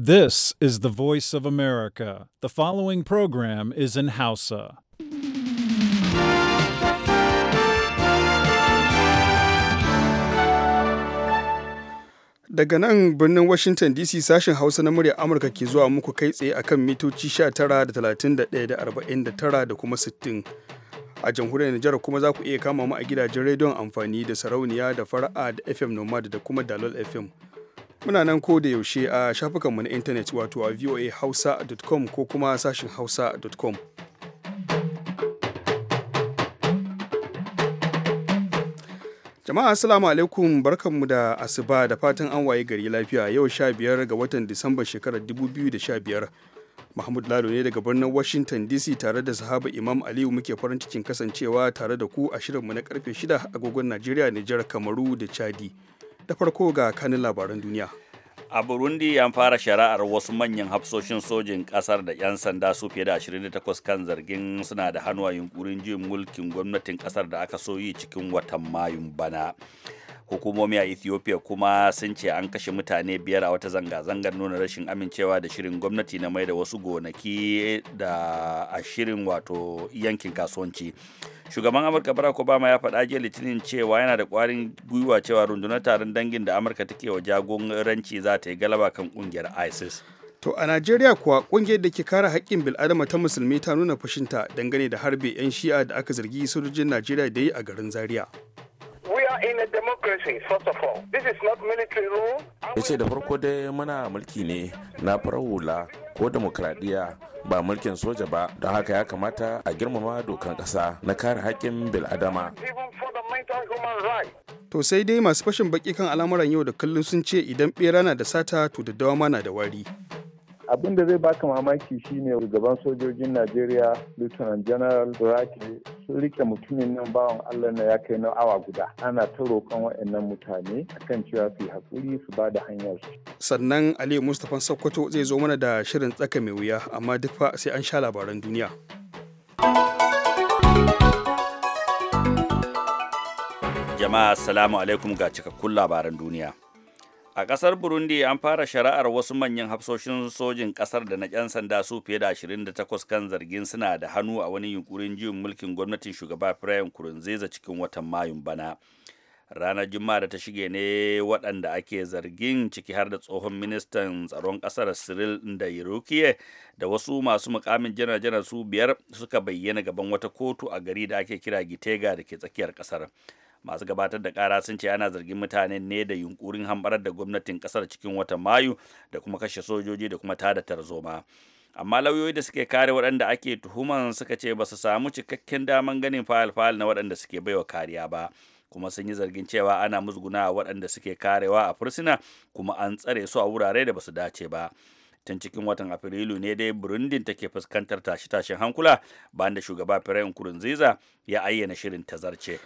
This is the voice of America. The following program is in Hausa. Daga nan birnin Washington DC sashen Hausa na murya Amurka ke zuwa muku kai tsaye akan mitoci 19 da 31 da 49 da kuma 60. a jamhuriyar Nijar kuma za ku iya kama mu a gidajen rediyon amfani da sarauniya da fara'a da FM Nomad da kuma Dalol FM. Muna nan ko da yaushe a shafukanmu na intanet wato a voahausa.com ko kuma sashin hausa.com. Jama'a assalamu alaikum barkanmu da asuba da fatan an waye gari lafiya yau 15 ga watan Disamba shekarar 2015. Mahmud lado ne daga birnin Washington DC tare da sahaba Imam Aliyu muke farin cikin kasancewa tare da ku a shirinmu na karfe 6 agogon Najeriya, Nijar, Kamaru da Chadi. da farko ga kanin labaran duniya a burundi an fara shari'ar wasu manyan hafsoshin sojin kasar da 'yan sanda su fiye da 28 kan zargin suna da hannu a yunkurin jin mulkin gwamnatin kasar da aka soyi cikin watan mayun bana hukumomi a ethiopia kuma sun ce an kashe mutane biyar a wata zanga-zangar nuna rashin amincewa da shirin gwamnati na mai da wasu gonaki da a shirin wato yankin kasuwanci shugaban amurka barack obama ya faɗa jiya litinin cewa yana da ƙwarin gwiwa cewa rundunar taron dangin da amurka take wa jagoranci za ta yi galaba kan ƙungiyar isis To a Najeriya kuwa ƙungiyar da ke kare haƙƙin bil'adama ta musulmi ta nuna fushinta dangane da harbe 'yan shi'a da aka zargi sojojin Najeriya da yi a garin Zaria. in a not military rule. Ya ce da farko dai muna mulki ne na farar hula ko demokradiyya ba mulkin soja ba don haka ya kamata a girmama dokan ƙasa na kare haƙƙin bil'adama. To sai dai masu fashin baki kan al'amuran yau da kullum sun ce idan ɓera na da sata to da dawama na da wari. abin da zai baka mamaki shine shugaban sojojin najeriya lieutenant general burake sun rike mutumin nan bawan allah na ya kai na awa guda ana ta roƙon waɗannan mutane kan cewa su hakuri haƙuri su ba da hanyar su sannan aliyu mustapha sokoto zai zo mana da shirin tsaka mai wuya amma duk fa sai an sha labaran duniya jama'a assalamu alaikum ga cikakkun labaran duniya a ƙasar burundi an fara shari'ar wasu manyan hafsoshin sojin ƙasar da na 'yan sanda su fiye da 28 kan zargin suna da hannu a wani yunkurin juyin mulkin gwamnatin shugaba firayim kurunziza cikin watan mayun bana ranar juma'a da ta shige ne waɗanda ake zargin ciki har da tsohon ministan tsaron ƙasar cyril yerukiye da wasu masu mukamin janar-janar su biyar suka bayyana gaban wata kotu a gari da ake kira gitega da ke tsakiyar ƙasar masu gabatar da kara sun ce ana zargin mutanen ne da yunkurin hambarar da gwamnatin kasar cikin watan mayu da kuma kashe sojoji da kuma tada tarzoma amma lauyoyi da suke kare waɗanda ake tuhuman suka ce ba su samu cikakken daman ganin fayil-fayil na waɗanda suke baiwa kariya ba kuma sun yi zargin cewa ana musguna waɗanda suke karewa a fursuna kuma an tsare su a wurare da ba su dace ba tun cikin watan afrilu ne dai burundin take fuskantar tashe-tashen hankula bayan da shugaba firayin Kurunziza ya ayyana shirin tazarce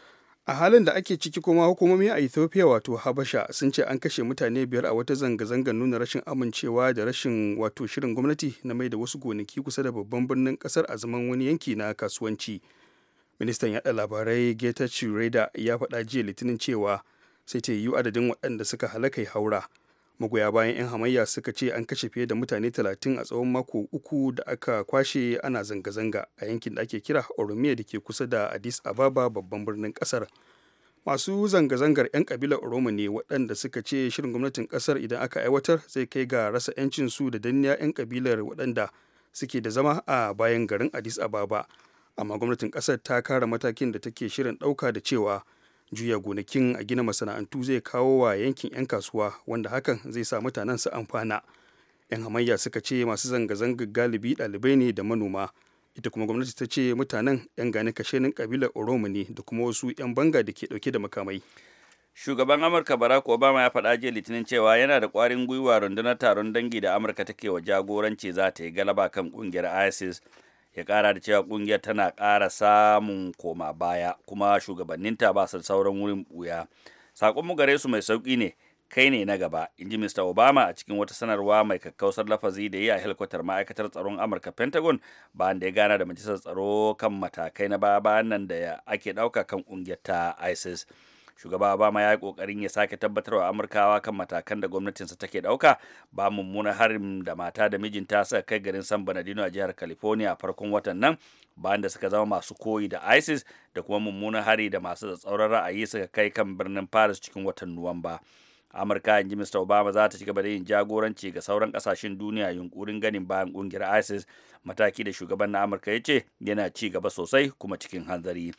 a halin da ake ciki kuma hukumomi a ethiopia wato habasha sun ce an kashe mutane biyar a wata zanga-zangar nuna rashin amincewa da rashin wato shirin gwamnati na mai da wasu gonaki kusa da babban birnin kasar a zaman wani yanki na kasuwanci ministan yada labarai getachew reda ya faɗa jiya litinin cewa sai ta yiwu adadin waɗanda suka halaka haura magoya bayan 'yan hamayya suka ce an kashe fiye da mutane 30 a tsawon mako uku da aka kwashe ana zanga-zanga a yankin da ake kira oromiya da ke kusa da addis ababa babban birnin kasar masu zanga-zangar 'yan kabilar oromo ne waɗanda suka ce shirin gwamnatin kasar idan aka aiwatar zai kai ga rasa 'yancin su da danniya 'yan kabilar waɗanda suke da zama a bayan garin addis ababa amma gwamnatin kasar ta kara matakin da take shirin ɗauka da cewa juya gonakin a gina masana'antu zai kawo wa yankin 'yan kasuwa wanda hakan zai sa mutanen su amfana 'yan hamayya suka ce masu zanga-zangar galibi ɗalibai ne da manoma ita kuma gwamnati ta ce mutanen 'yan gane kashenin kabilar oromo ne da kuma wasu 'yan banga da ke ɗauke da makamai shugaban amurka barack obama ya faɗa jiya litinin cewa yana da kwarin gwiwa rundunar taron dangi da amurka take wa jagoranci za ta yi galaba kan ƙungiyar isis ya kara da cewa kungiyar tana kara samun koma baya kuma shugabanninta ba su sauran wurin buya sakon mu gare su mai sauki ne kai ne na gaba in ji mr obama a cikin wata sanarwa mai kakkausar lafazi da yi a helikwatar ma'aikatar tsaron amurka pentagon bayan da ya gana da majalisar tsaro kan matakai na baya bayan nan da ake ɗauka kan kungiyar ta isis shugaba obama ya yi kokarin ya sake tabbatar wa amurkawa kan matakan da gwamnatinsa take dauka ba mummunar harin da mata da mijinta suka kai garin san banadino a jihar california a farkon watan nan bayan da suka zama masu koyi da isis da kuma mummunar hari da masu tsatsauran ra'ayi suka kai kan birnin paris cikin watan nuwamba amurka in ji mr obama za ta ci gaba da yin jagoranci ga sauran kasashen duniya yunkurin ganin bayan kungiyar isis mataki da shugaban na amurka ya ce yana ci gaba sosai kuma cikin hanzari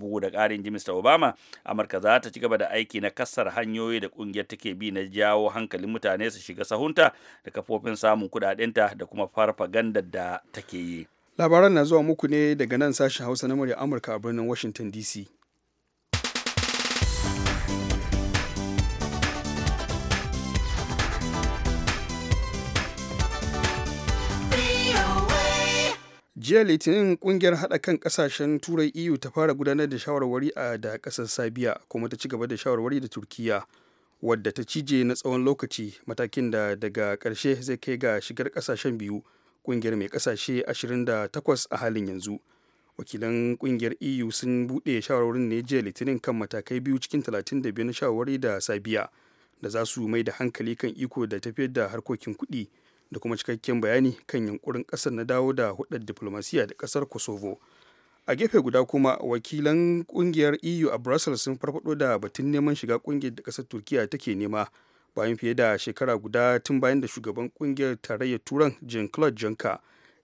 bugu da ƙarin ji mr obama amurka za ta ci gaba da aiki na kassar hanyoyi da ƙungiyar take bi na jawo hankalin mutane su shiga sahunta da kafofin samun kuɗaɗenta da kuma farfagandar da take yi labaran na zuwa muku ne daga nan sashen hausa na murya amurka a birnin washington dc jiya litinin kungiyar hada kan kasashen turai eu ta fara gudanar da shawarwari a da ƙasar sabiya kuma ta ci gaba da shawarwari da turkiya wadda ta cije na tsawon lokaci matakin da daga karshe zai kai ga shigar kasashen biyu kungiyar mai kasashe 28 a halin yanzu wakilan kungiyar eu sun bude shawarwarin ne jiya litinin kan matakai biyu cikin 35 na shawarwari da sabiya da za su mai da hankali kan iko da tafiyar da harkokin kuɗi da kuma cikakken bayani kan yunkurin kasar na dawo da hudar diplomasiya da ƙasar kosovo a gefe guda kuma wakilan kungiyar eu a brussels sun farfado da batun neman shiga kungiyar da kasar turkiya take nema bayan fiye da shekara guda tun bayan da shugaban kungiyar tarayyar turan jean claude juncker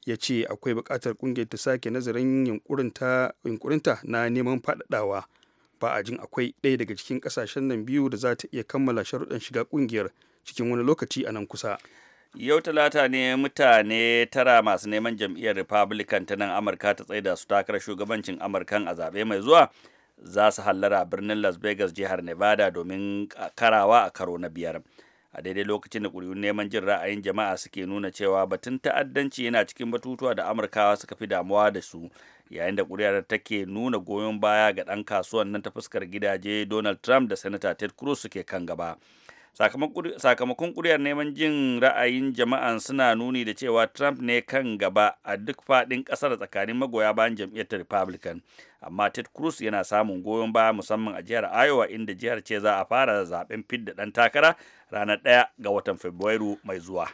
ya ce akwai bukatar kungiyar ta sake nazarin yunkurinta na neman faɗaɗawa ba a jin akwai ɗaya daga cikin ƙasashen nan biyu da za ta iya kammala sharuɗan shiga kungiyar cikin wani lokaci a nan kusa Yau talata ne mutane tara masu neman jam'iyyar Republican ta nan Amurka ta tsaida su takarar shugabancin Amurkan a zaɓe mai zuwa za su hallara birnin Las Vegas jihar Nevada domin karawa a karo na biyar. A daidai lokacin da ƙuri'un neman jin ra'ayin jama'a suke nuna cewa batun ta'addanci yana cikin batutuwa da Amurkawa suka fi damuwa da su yayin da ƙuri'ar take nuna goyon baya ga ɗan kasuwan nan ta fuskar gidaje Donald Trump da Senator Ted Cruz suke kan gaba. sakamakon kuri'ar neman jin ra'ayin jama'an suna nuni da cewa trump ne kan gaba a duk faɗin ƙasar tsakanin magoya bayan jam'iyyar republican amma ted cruz yana samun goyon baya musamman a jihar iowa inda jihar ce za a fara zaben fidda dan takara ranar ɗaya ga watan fabrairu mai zuwa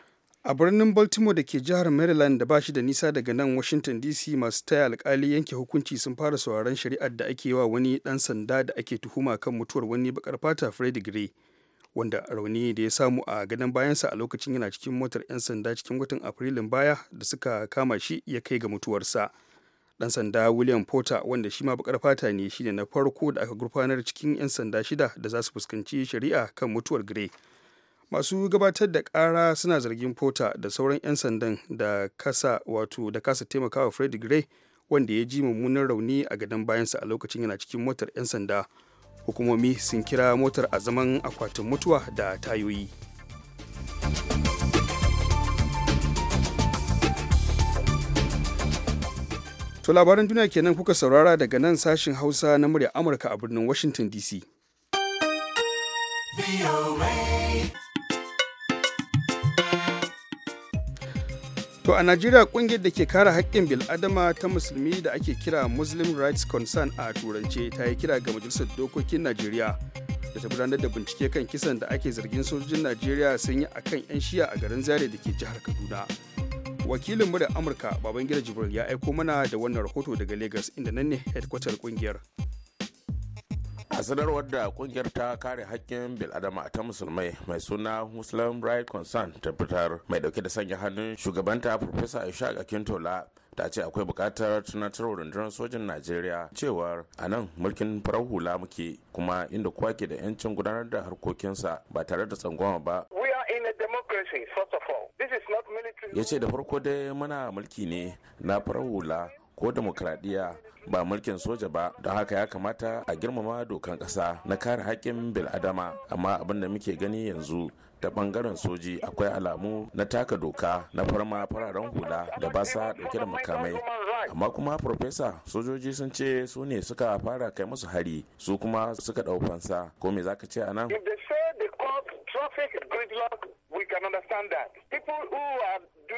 a birnin baltimore da ke jihar maryland da ba shi da nisa daga nan washington dc masu taya alkali yanke hukunci sun fara sauraron shari'ar da ake wa wani dan sanda da ake tuhuma kan mutuwar wani bakar fata freddie gray wanda rauni da ya samu a gadon bayansa a lokacin yana cikin motar 'yan sanda cikin watan afrilun baya da suka kama shi ya kai ga mutuwarsa dan sanda william porter wanda shi ma bakar fata ne shine na farko da aka gurfanar cikin 'yan sanda shida da za su fuskanci shari'a kan mutuwar gray masu gabatar da kara suna zargin porter da sauran 'yan sandan da kasa wato da kasa taimakawa fred gray wanda ya ji mummunan rauni a gadon bayansa a lokacin yana cikin motar 'yan sanda hukumomi sun kira motar a zaman akwatin mutuwa da tayoyi to labaran duniya kenan kuka saurara daga nan sashin hausa na murya amurka a birnin washington dc To a Najeriya kungiyar da ke kare haƙƙin bil'adama ta musulmi da ake kira Muslim Rights Concern a turance ta yi kira ga Majalisar Dokokin Najeriya da ta gudanar da bincike kan kisan da ake zargin sojojin Najeriya sun yi akan 'yan shiya a garin Zare da ke jihar Kaduna. Wakilin muryar Amurka Babangida Jibril ya aiko mana da wannan rahoto daga Lagos inda nan ne headquarter kungiyar. a sanarwar da kungiyar ta kare hakkin biladama ta musulmai mai suna muslim right concern ta fitar mai dauke da sanya hannun shugabanta profesa ishaq akintola ta ce akwai bukatar tunatar rundunar sojin najeriya cewar a nan mulkin farar hula muke kuma inda kowa ke da 'yancin gudanar da harkokinsa ba tare da tsangwama ba ya ce da farko dai muna mulki ne na farar hula ko demokradiyya ba mulkin soja ba don haka ya kamata a girmama dokan ƙasa na kare haƙƙin bil'adama amma abin da muke gani yanzu ta bangaren soji akwai alamu na taka doka na farma fararen hula da ba sa dauke da makamai amma kuma farfesa sojoji sun ce su ne suka fara kai musu hari su kuma suka dau fansa ko me zaka ce anan can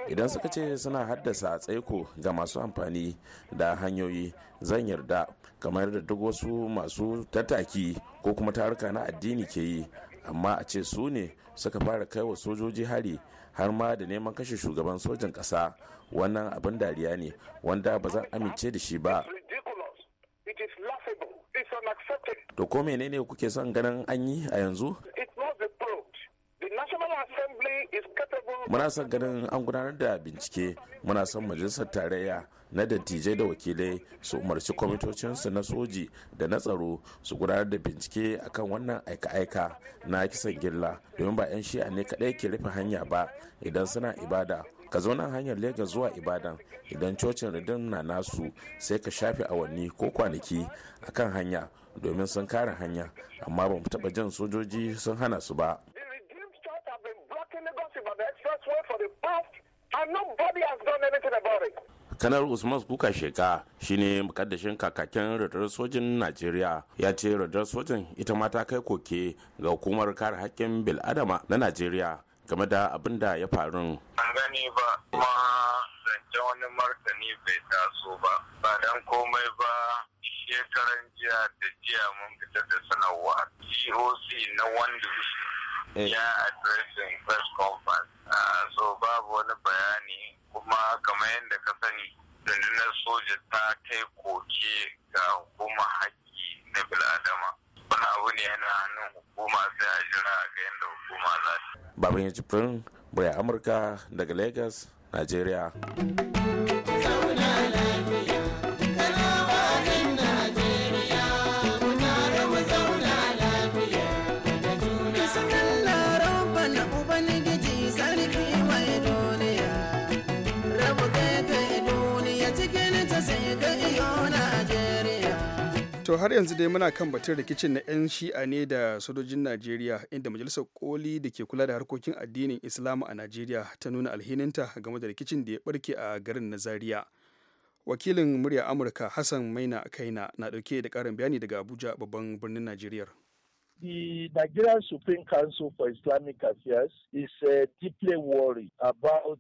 Idan suka ce suna haddasa tsaiko ga masu amfani da hanyoyi zan yarda kamar da duk wasu masu tattaki ko kuma taruka na addini ke yi amma a ce su ne suka fara kai wa sojoji hari har ma da neman kashe shugaban sojin ƙasa wannan abin dariya ne wanda ba zan amince da shi ba. To ko menene kuke son ganin an yi a yanzu? muna son ganin an gudanar da bincike muna son majalisar tarayya na dattijai da wakilai su umarci kwamitocinsu na soji da na tsaro su gudanar da bincike akan wannan aika-aika na kisan gilla domin ba 'yan shi'a ne kadai ke rufe hanya ba idan suna ibada ka zo nan hanyar Legas zuwa Ibadan idan cocin ridin na nasu sai ka shafe awanni ko kwanaki akan hanya domin sun kare hanya amma ba mu taɓa jin sojoji sun hana su ba. And nobody has done anything about it. kanar usman kuka sheka shine mukaddashin kakakin radar sojin najeriya ya ce radar sojin ita mata kai koke ga hukumar kare haƙƙin bil'adama na najeriya game da abin da ya faru an gani ba kuma zance wani martani bai taso ba ba dan komai ba shekaran jiya da jiya mun fita da sanarwa CoC, na wanda eh. ya addressing press conference ah, so babu wani kamar yadda ka sani dandunar soja ta kai koke ga hukumar haƙƙi na bil'adama wani abu ne yana hannun hukuma sai a jira a ga yadda hukuma za ta. Babin Jibrin, Murya Amurka daga Lagos, nigeria. yanzu dai muna kan batun rikicin na 'yan shi'a ne da sojojin najeriya inda majalisar koli da ke kula da harkokin addinin islam a najeriya ta nuna alhininta game da rikicin da ya barke a garin na zaria wakilin murya amurka hassan maina kaina na dauke da karin bayani daga abuja babban birnin najeriya The Nigerian Supreme Council for Islamic Affairs is uh, deeply worried about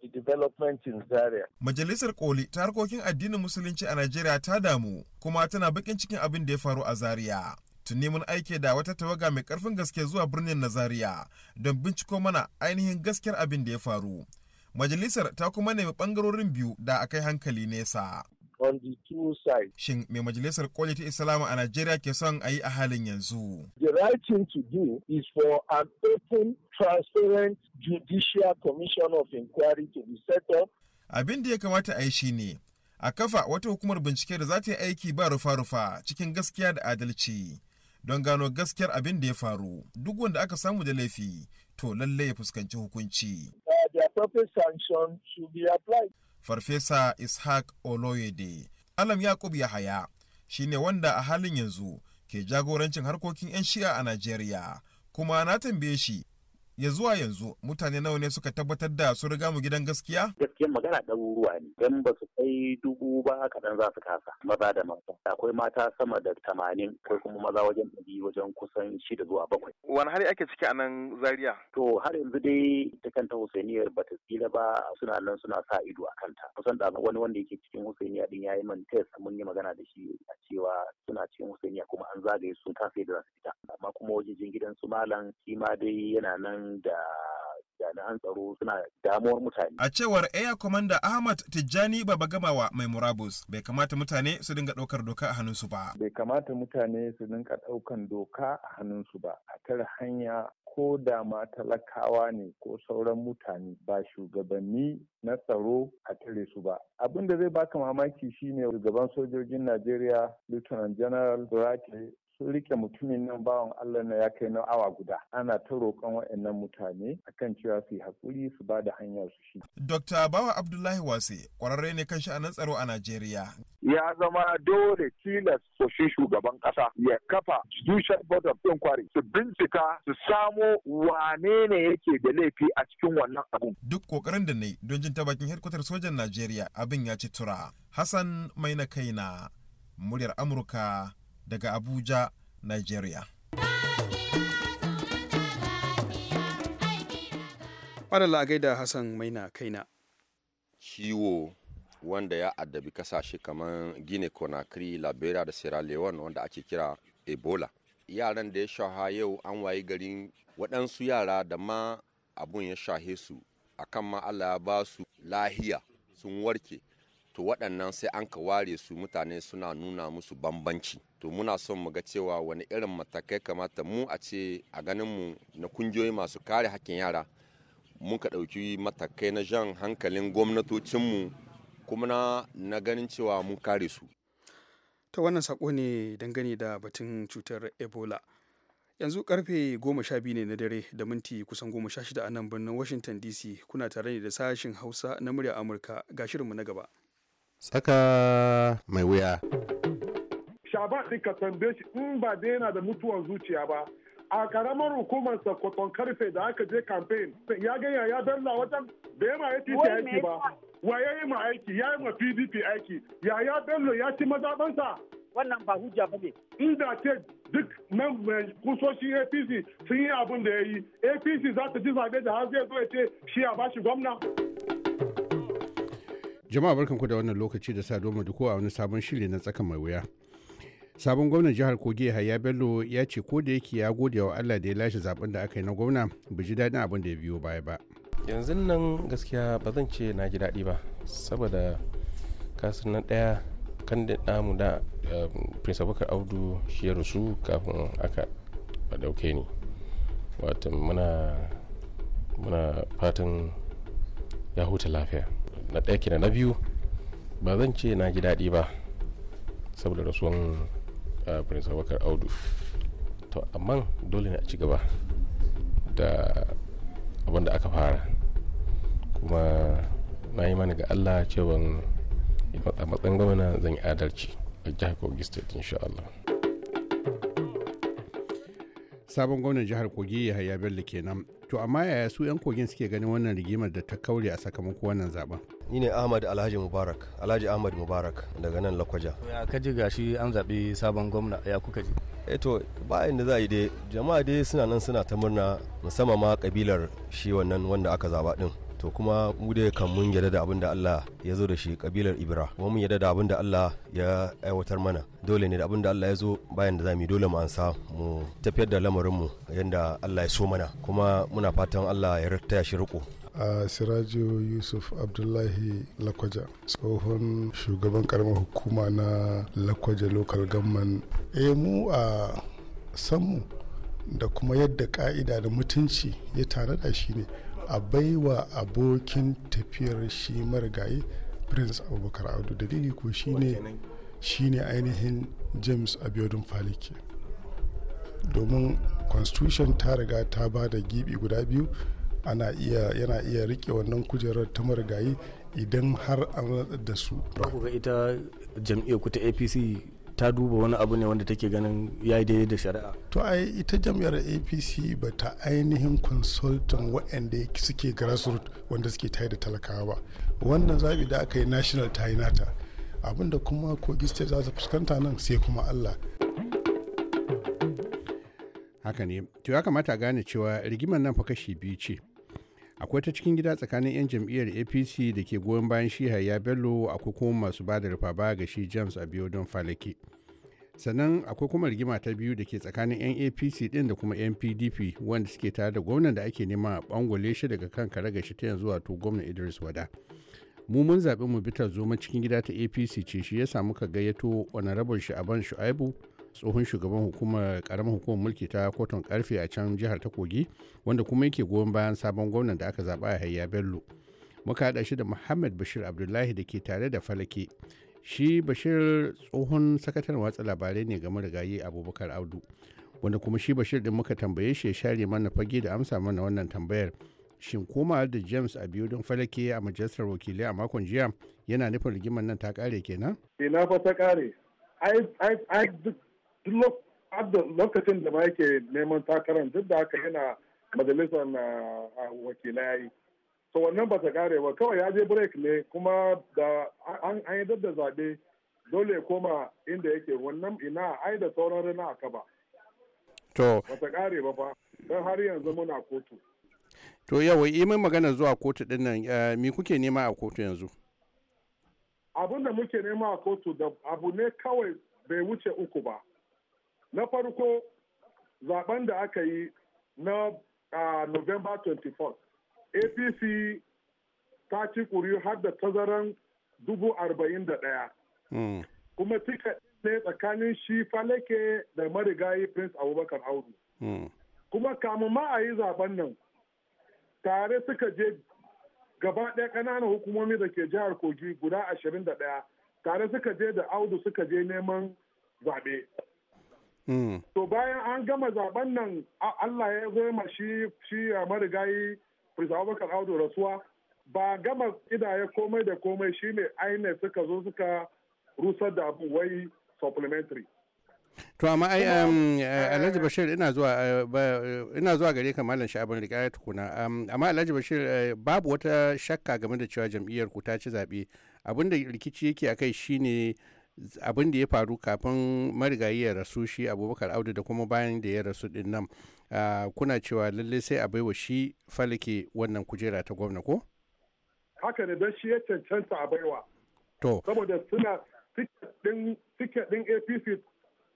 the development in Zaria. Majalisar Koli ta harkokin addinin Musulunci a Najeriya ta damu kuma tana bakin cikin abin da ya faru a Zaria. Tuni mun aike da wata tawaga mai karfin gaske zuwa birnin na Zaria don binciko mana ainihin gaskiyar abin da ya faru. Majalisar ta kuma nemi bangarorin biyu da akai hankali nesa. on the two sides. Shin mai majalisar koli ta Islamu a Najeriya ke son a yi a halin yanzu? The right thing to do is for an open, transparent judicial commission of inquiry to be set up. Abin da ya kamata a yi shi ne, a kafa wata hukumar bincike da za ta yi aiki ba rufa-rufa cikin gaskiya da adalci. Don gano gaskiyar abin da ya faru, duk wanda aka samu da laifi, to lallai ya fuskanci hukunci. Uh, the appropriate sanction should be applied. farfesa ishaq oloyede alam yakub yahaya ne wanda a halin yanzu ke jagorancin harkokin 'yan shi'a a najeriya kuma na tambaye shi ya zuwa yanzu mutane nawa ne suka tabbatar da su riga mu gidan gaskiya? Gaskiyar magana ɗaruruwa ne don ba su kai dubu ba kaɗan za su kasa maza da mata. Akwai mata sama da tamanin akwai kuma maza wajen ɗari wajen kusan shida zuwa bakwai. Wani hari ake ciki a nan Zaria? To har yanzu dai ta kanta Husainiyar ba ta tsira ba suna nan suna sa ido a kanta. Kusan da wani wanda yake cikin Husainiya din ya yi man test mun yi magana da shi a cewa suna cikin Husainiya kuma an zagaye sun kasa da za su fita. Amma kuma wajejin gidan su malam shi dai yana nan da jami'an tsaro suna damuwar mutane. A cewar Air Commander Ahmad Tijjani baba gamawa mai murabus bai kamata mutane su dinga ɗaukar doka a hannunsu ba. Bai kamata mutane su dinga ɗaukan doka a hannunsu ba a tare hanya ko da ma talakawa ne ko sauran mutane ba shugabanni na tsaro a tare su ba. Abin da zai baka mamaki shine shugaban sojojin Najeriya Lieutenant General Burake sun rike mutumin nan bawan Allah na ya kai na awa guda ana ta roƙon waɗannan mutane akan cewa su yi haƙuri su ba da hanyar su shi. Dokta Bawa Abdullahi Wase ƙwararre ne kan sha'anin tsaro a Najeriya. Ya zama dole tilas ko shi shugaban ƙasa ya kafa judicial board of inquiry su bincika su samo wane ne yake da laifi a cikin wannan abun. Duk ƙoƙarin da ne don jin ta bakin hedkwatar sojan Najeriya abin ya ci tura. Hassan Maina Kaina, muryar Amurka daga Abuja, Nigeria. Madalla a gaida Hassan Maina kaina. Ciwo wanda ya addabi kasashe kamar Guinea Conakry, Liberia da Sierra Leone wanda ake kira Ebola. Yaran da ya shaha yau an wayi garin waɗansu yara da ma abun ya shahe su akan ma Allah ba su lahiya sun warke to waɗannan sai an ka ware su mutane suna nuna musu bambanci to muna son mu ga cewa wani irin matakai kamata mu a ce a ganin mu na kungiyoyi masu kare hakkin yara mun ka ɗauki matakai na jan hankalin gwamnatocinmu kuma na ganin cewa mun kare su ta wannan sako ne dangane da batun cutar ebola yanzu karfe goma ne na dare da minti kusan goma a nan birnin washington dc kuna tare ne da sashin hausa na murya amurka ga shirinmu na gaba tsaka mai wuya. Shaban ɗin ka tambaye shi in ba da yana da mutuwan zuciya ba. A karamar hukumar Sokoton karfe da aka je kamfen ya yaya ya danna wajen da ya ma ya titi aiki ba. Wa ya yi ma aiki ya yi ma PDP aiki ya ya bello ya ci mazaɓansa. Wannan ba hujja ba ne. Inda ce duk kusoshin APC sun yi abin da ya yi APC za ta ji zaɓe da har zai zo ya ce shi a bashi gwamna. Jama'a barkanku da wannan lokaci da sa doma duko a wani sabon shiri na tsakan mai wuya. Sabon gwamnan jihar Kogi ya Bello ya ce ko da yake ya gode wa Allah da ya lashe zaben da aka yi na gwamna bai ji daɗin abin da ya biyo baya ba. Yanzu nan gaskiya ba zan ce na ji daɗi ba saboda kasu na ɗaya kan da namu da eh, Prince Abubakar Audu shi ya rusu kafin aka ɗauke ni. wato muna muna fatan ya huta lafiya. na ɗaya kina na biyu ba zan ce na ji daɗi ba saboda rasuwan prince abubakar audu to amma dole ne a ci gaba da abin da aka fara kuma na yi mani ga allah cewa a matsayin gwamna zan yi adalci a jihar kogi state insha allah sabon gwamnan jihar kogi ya haya bello kenan to amma yaya su 'yan kogin suke ganin wannan rigimar da ta kaure a sakamako wannan zaben ni ne ahmad alhaji mubarak alhaji ahmad mubarak daga nan lakwaja ya kaji gashi an zaɓi sabon gwamna ya kuka ji eto eh bayan da za yi dai jama'a dai suna nan suna ta murna musamman ma kabilar shi wannan wanda aka zaba din to kuma mu dai kan mun yarda da abin da Allah ya zo da shi kabilar Ibra kuma mun yarda da abin da Allah ya aiwatar mana dole ne da abin da Allah ya zo bayan da za mu dole mu ansa mu tafiyar da lamarin mu yanda Allah ya so mana kuma muna fatan Allah ya taya shi riko a sirajo yusuf abdullahi lakwaja tsohon shugaban karamar hukuma na lakwaja local gamman eh mu a sanmu da kuma yadda ka'ida da mutunci ya da shi ne a baiwa abokin tafiyar shi marigayi prince abubakar audu dalili ko shi ne ainihin james abiodun falike domin constitution ta riga ta ba da gibi guda biyu ana iya yana iya rike wannan kujerar ta marigayi idan har an rada da su ba ku ga ita jam'iyyar ku ta APC ta duba wani abu ne wanda take ganin ya yi daidai da shari'a to ai ita jam'iyyar apc ba ta ainihin konsultan waɗanda suke grassroots wanda suke tayi da talakawa ba wannan zaɓi da aka yi national ta yi nata abinda kuma kogi state za su fuskanta nan sai kuma allah haka ne to ya kamata gane cewa rigimar nan fa kashi biyu ce akwai ta cikin gida tsakanin 'yan jam'iyyar apc da ke goyon bayan shi ya bello akwai kuma masu ba da rufa ba ga shi james don falake sannan akwai kuma rigima ta biyu da ke tsakanin 'yan apc din da kuma 'yan pdp wanda suke tare da gwamnan da ake nema a bangole shi daga kan kare shi ta yanzu wato gwamnan idris wada mu mun zaɓi mu bitar zoma cikin gida ta apc ce shi ya samu ka gayyato honorable sha'aban shu'aibu tsohon shugaban hukumar karamar hukumar mulki ta kotun karfe a can jihar ta kogi wanda kuma yake goyon bayan sabon gwamnan da aka zaba a hayya bello muka haɗa shi da muhammad bashir abdullahi da ke tare da falake shi bashir tsohon sakataren watsa labarai ne game da abubakar audu wanda kuma shi bashir din muka tambaye shi ya share mana fage da amsa mana wannan tambayar shin koma da james a biyu don falake a majalisar wakilai a makon jiya yana nufin rigimar nan ta kare kenan ina fa ta kare ai duk duk lokacin da ba yake neman takarar duk da haka yana majalisar na wakilai so wannan ba ta kare ba kawai ya je break ne kuma da an yi da zaɓe dole koma inda yake wannan ina ai da sauran rana aka ba to ba ta kare ba fa don har yanzu muna kotu to yawai yi mai magana zuwa kotu din nan eh, me kuke nema a kotu yanzu abin da muke nema a kotu da abu ne kawai bai wuce uku ba na farko zaben da aka yi na november 24 apc ta ci kuri har da tazaran dubu arba'in hmm. kuma tika ne tsakanin shi falake da marigayi prince abubakar audu hmm. kuma kamun ma zaben nan tare suka je gaba ɗaya ƙananan hukumomi da ke jihar kogi guda ashirin da tare suka je da audu suka je neman zaɓe Mm. To bayan an gama zaben nan Allah ya zo ma shi shi marigayi Prince Abubakar Audu rasuwa ba gama ya komai da komai shi ne aine suka zo suka rusar da abu wai supplementary. To amma ai um, eh, eh, Alhaji Bashir ina zuwa eh, ina zuwa gare ka Malam Sha'ban Rikaya tukuna um, amma Alhaji Bashir babu wata shakka game da cewa jam'iyyar ku ta ci zabe abinda rikici yake akai shine abin da ya faru kafin marigayi ya rasu shi abubakar audu da kuma bayan da ya rasu din nan kuna cewa lallai sai a baiwa shi falake wannan kujera ta gwamna ko haka ne don shi ya cancanta a baiwa to saboda suna tiket din apc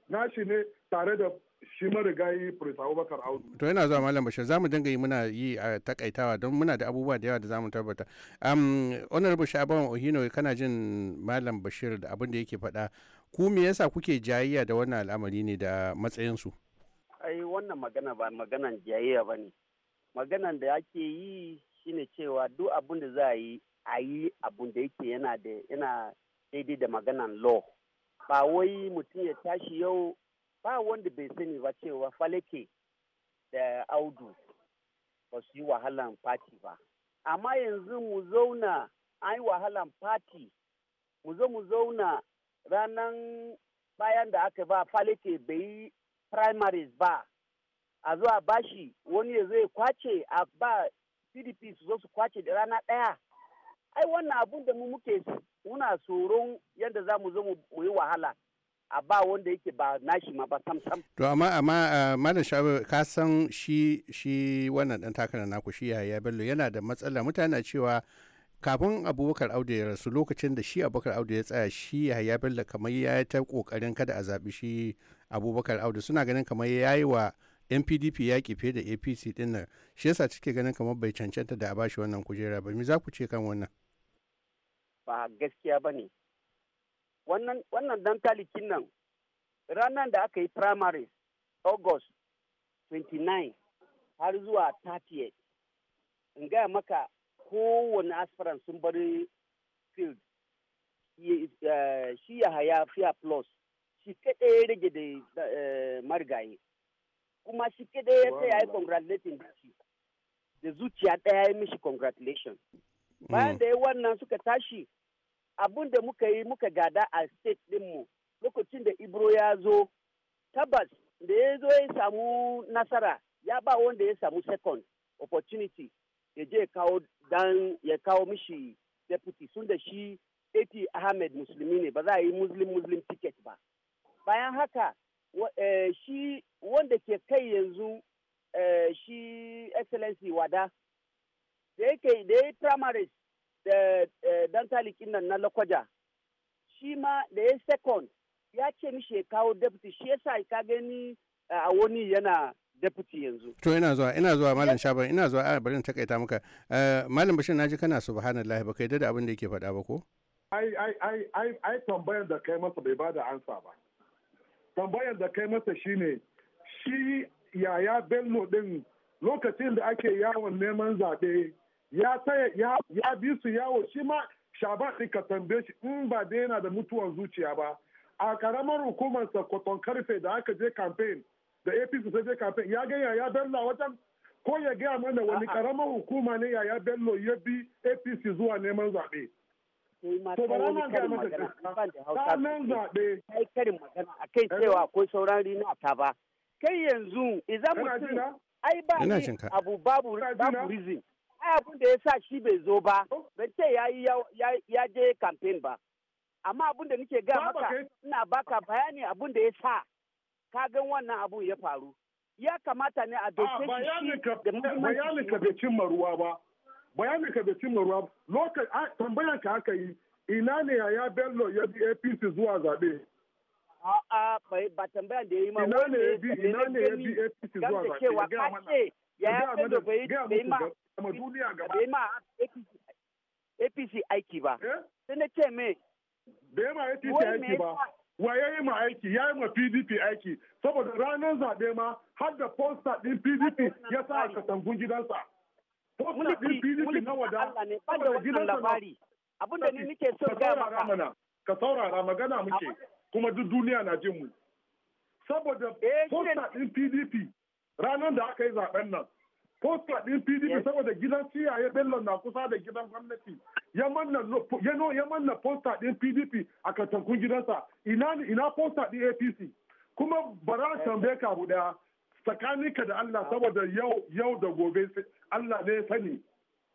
nashi ne tare da shi marigayi Prince Abubakar Audu. To yana zuwa Malam Bashir za mu dinga yi muna yi a takaitawa don muna da abubuwa da yawa da za mu tabbata. Um, Honorable Shaban Ohino kana jin Malam Bashir da abin da yake faɗa ku me yasa kuke jayayya da wannan al'amari ne da matsayinsu? Ai wannan magana ba maganan jayayya ba ne. Maganan da ake yi shine cewa duk abin da za a yi a yi abin da yake yana da yana daidai da maganan law. Ba wai mutum ya tashi yau ba wanda bai sani ba cewa falake da audu ba su yi wahalan fati ba amma yanzu mu zauna an yi wahalan fati mu zo mu zauna ranar bayan da aka ba falake bai yi primaries ba a zuwa bashi wani ya zai kwace a ba pdp su zo su kwace da rana ɗaya ai wannan abun da mu muke muna tsoron yadda za mu zo mu yi wahala a ba wanda yake ba nashi ma ba sam sam to amma amma eh, malam shabu ka san shi shi wannan dan takarar naku shi yaya bello yana da matsala mutane cewa kafin abubakar audu ya rasu lokacin da shi abubakar audu ya tsaya shi yahaya bello kamar ya yi ta kokarin kada a zabi shi abubakar audu suna ganin kamar ya yi wa npdp ya fiye da apc din nan shi yasa cike ganin kamar bai cancanta da a bashi wannan kujera ba me za ku ce kan wannan ba gaskiya ba ne wannan dan talikin nan ranar da aka yi primary august 29 har zuwa 30 in gaya maka kowane aspirant sun bari field shi eh, ya haya fiya plus shi kaɗe ya rage da eh, marigaye kuma shi kaɗe ya sai ya congratulating da shi da zuciya ɗaya ya mishi congratulation mm. bayan da ya wannan suka tashi abin da muka yi muka gada a state dinmu lokacin da ibro ya zo tabbas da ya zo ya samu nasara ya ba wanda ya samu second opportunity ya je kawo dan ya kawo mishi deputy sun da shi eti ahmed musulmi ne ba za a yi muslim muslim ticket ba bayan haka eh, shi wanda ke kai yanzu eh, shi excellency wada da yake da primaries Eh, eh, dan talikin nan na lakwaja shi ma da ya second ya ce mishi ya kawo deputy shi yasa ka gani eh, a wani yana deputy yanzu to ina zuwa ina zuwa malam shaban ina zuwa a barin takaita muka malam bashir naji kana subhanallahi baka yadda da abin da yake faɗa ba ko ai tambayar da kai masa bai bada ansa ba tambayar da kai masa shine shi yaya bello din lokacin da ake yawon neman zaɓe ya saya ya bi su yawo shi ma shaban ɗin ka tambaye shi in ba dai yana da mutuwan zuciya ba a karamar sa kwaton karfe da aka je campaign da apc ta je campaign ya gaya ya bello wajen ko ya gaya mana wani karamar hukuma ne ya bello ya bi apc zuwa neman zaɓe. to ba na ga mata zaɓe. ya karin magana a kai cewa akwai sauran rina ta ba kai yanzu idan mutum ai ba abu babu reason abin da ya sa shi bai zo ba bai ce ya ya je kamfen ba amma abin da nake ga maka ina baka bayani abin da ya sa ka ga wannan abun ya faru ya kamata ne a doke bayanin ka bai cimma ruwa ba bayanin ka bai cimma ruwa ba lokacin ka aka yi ina ne ya bello ya bi apc zuwa zabe A-a, ba tambayan da ya ma ina ne ya bi apc zuwa zabe ga mana ya bello bai ma ma duniya gaba bai ma APC aiki ba eh? sai na ce me bai ma APC aiki ba wa ya yi ma aiki ya yi ma PDP aiki saboda ranar zaɓe ma har da posta ɗin PDP ya sa a katangun gidansa posta ɗin PDP na wada saboda gidansa labari abinda ni nake so ga maka ka saurara magana muke kuma duk duniya na jin mu saboda eh, posta ɗin PDP ranar da aka yi zaben nan posta ɗin pdp saboda gidan ciyaye bello na kusa da gidan gwamnati ya manna posta ɗin pdp a katankun gidansa ina posta ɗin apc kuma bara tambaye ka abu tsakaninka da allah saboda yau yau da gobe allah ne sani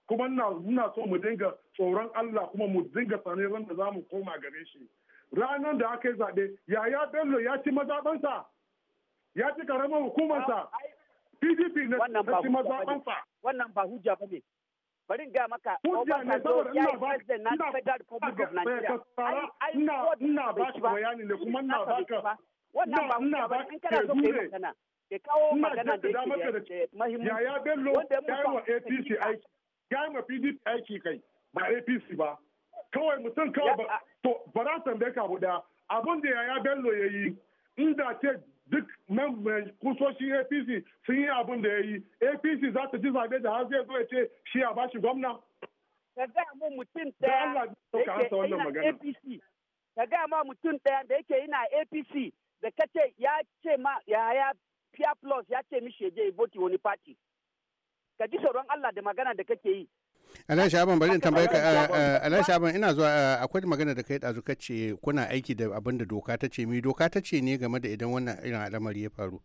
kuma muna so mu dinga tsoron allah kuma mu dinga sane da za mu koma gare shi ranar da aka yi zaɓe yaya bello ya ci mazaɓansa ya ci karamar hukumarsa PDP ne wannan ba fa. wannan ba hujja ba ne. bari ga maka hujja ne saboda ina ba na federal republic of Nigeria ai ina ba shi bayani ne kuma ina ba ka wannan ba hujja ba ne. kana so kai magana ke kawo magana da yake mahimmanci. yaya bello ya yi wa APC aiki Ya yi wa PDP aiki kai ba APC ba kawai mutum kawai ba to bara tambaye ka abu daya abin da yaya bello ya yi, inda ce duk nan kusoshin apc sun yi abin da ya yi apc za ta ji zaɓe da har zai zo ya ce shi a bashi gwamna ka ga mu mutum ɗaya da yake apc ka ga ma mutum ɗaya da yake yana apc da ce ya ce ma ya ya pia plus ya ce mishi je voti wani party ka ji tsoron Allah da magana da kake yi Alhaji Shaban bari in tambaye ka Alhaji Shaban eh, eh, ina zuwa eh, akwai magana da kai dazu ce kuna aiki da abin da doka ta ce mi doka ta ce ne game da idan wannan irin al'amari ya faru.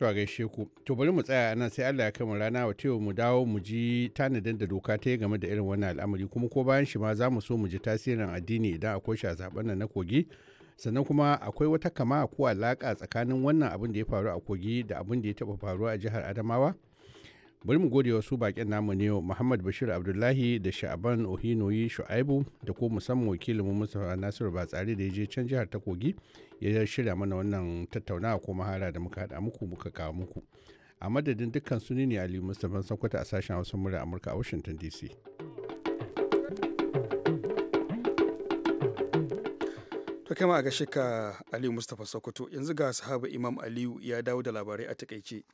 To gaishe ku. To bari mu tsaya anan sai Allah ya kai mu rana wato mu dawo mu ji tanadin da doka ta yi game da irin wannan al'amari kuma ko bayan shi ma za mu so mu ji tasirin addini idan akwai shi a zaben nan na kogi. sannan kuma akwai wata kama ko alaka tsakanin wannan abin da ya faru a kogi da abin da ya taba faruwa a jihar adamawa bari mu gode wasu bakin namu ne muhammad bashir abdullahi da sha'aban ohinoyi shu'aibu da ko musamman wakilin mustapha nasiru batsari da ya je can jihar ta kogi ya shirya mana wannan tattaunawa ko mahara da muka haɗa muku muka kawo muku a madadin dukkan su ne ali mustapha sokoto a sashen hausa murya amurka a washington dc To kai a ka Aliyu Mustapha Sokoto yanzu ga sahaba Imam Aliyu ya dawo da labarai a takaice.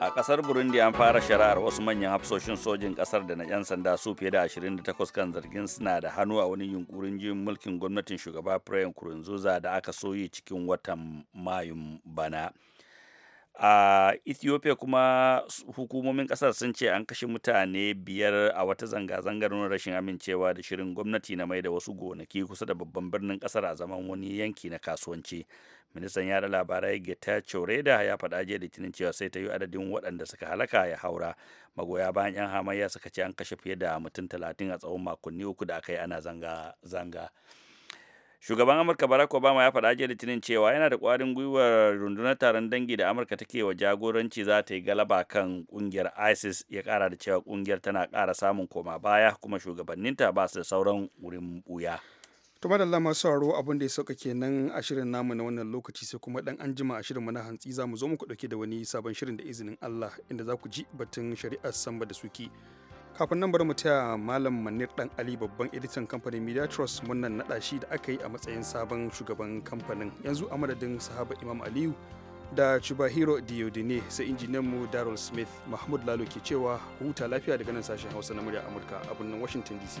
A kasar Burundi an fara shari'ar wasu manyan hafsoshin sojin kasar da na 'yan sanda su fiye da 28 kan zargin suna da hannu a wani yunkurin jin mulkin gwamnatin shugaba Prayan Kurunzuza da aka soyi cikin watan Mayun bana. a ethiopia kuma hukumomin kasar sun ce an kashe mutane biyar a wata zanga-zangar nuna rashin amincewa da shirin gwamnati na mai da wasu gonaki kusa da babban birnin kasar a zaman wani yanki na kasuwanci ministan yada labarai geta choreda ya faɗa jiya da litinin cewa sai ta yi adadin waɗanda suka halaka ya haura magoya bayan yan hamayya suka ce an kashe fiye da mutum talatin a tsawon makonni uku da aka yi ana zanga-zanga shugaban amurka barack obama ya faɗa jiya litinin cewa yana da ƙwarin gwiwar rundunar taron dangi da amurka take wa jagoranci za ta yi galaba kan ƙungiyar isis ya ƙara da cewa ƙungiyar tana ƙara samun koma baya kuma shugabanninta ba su da sauran wurin buya to madalla masu sauraro abin da ya sauka kenan a shirin namu na wannan lokaci sai kuma dan an jima a shirin mu na hantsi za mu zo muku dauke da wani sabon shirin da izinin Allah inda za ku ji batun shari'ar samba da suke kafin nan bari mu taya malam manir dan ali babban editan kamfanin media trust munnan naɗa shi da aka yi a matsayin sabon shugaban kamfanin yanzu a madadin sahaba imam aliyu da chubahiro diodine sai injiniyan mu daryl smith mahmud lalo ke cewa huta lafiya daga nan sashen hausa na murya amurka a birnin washington dc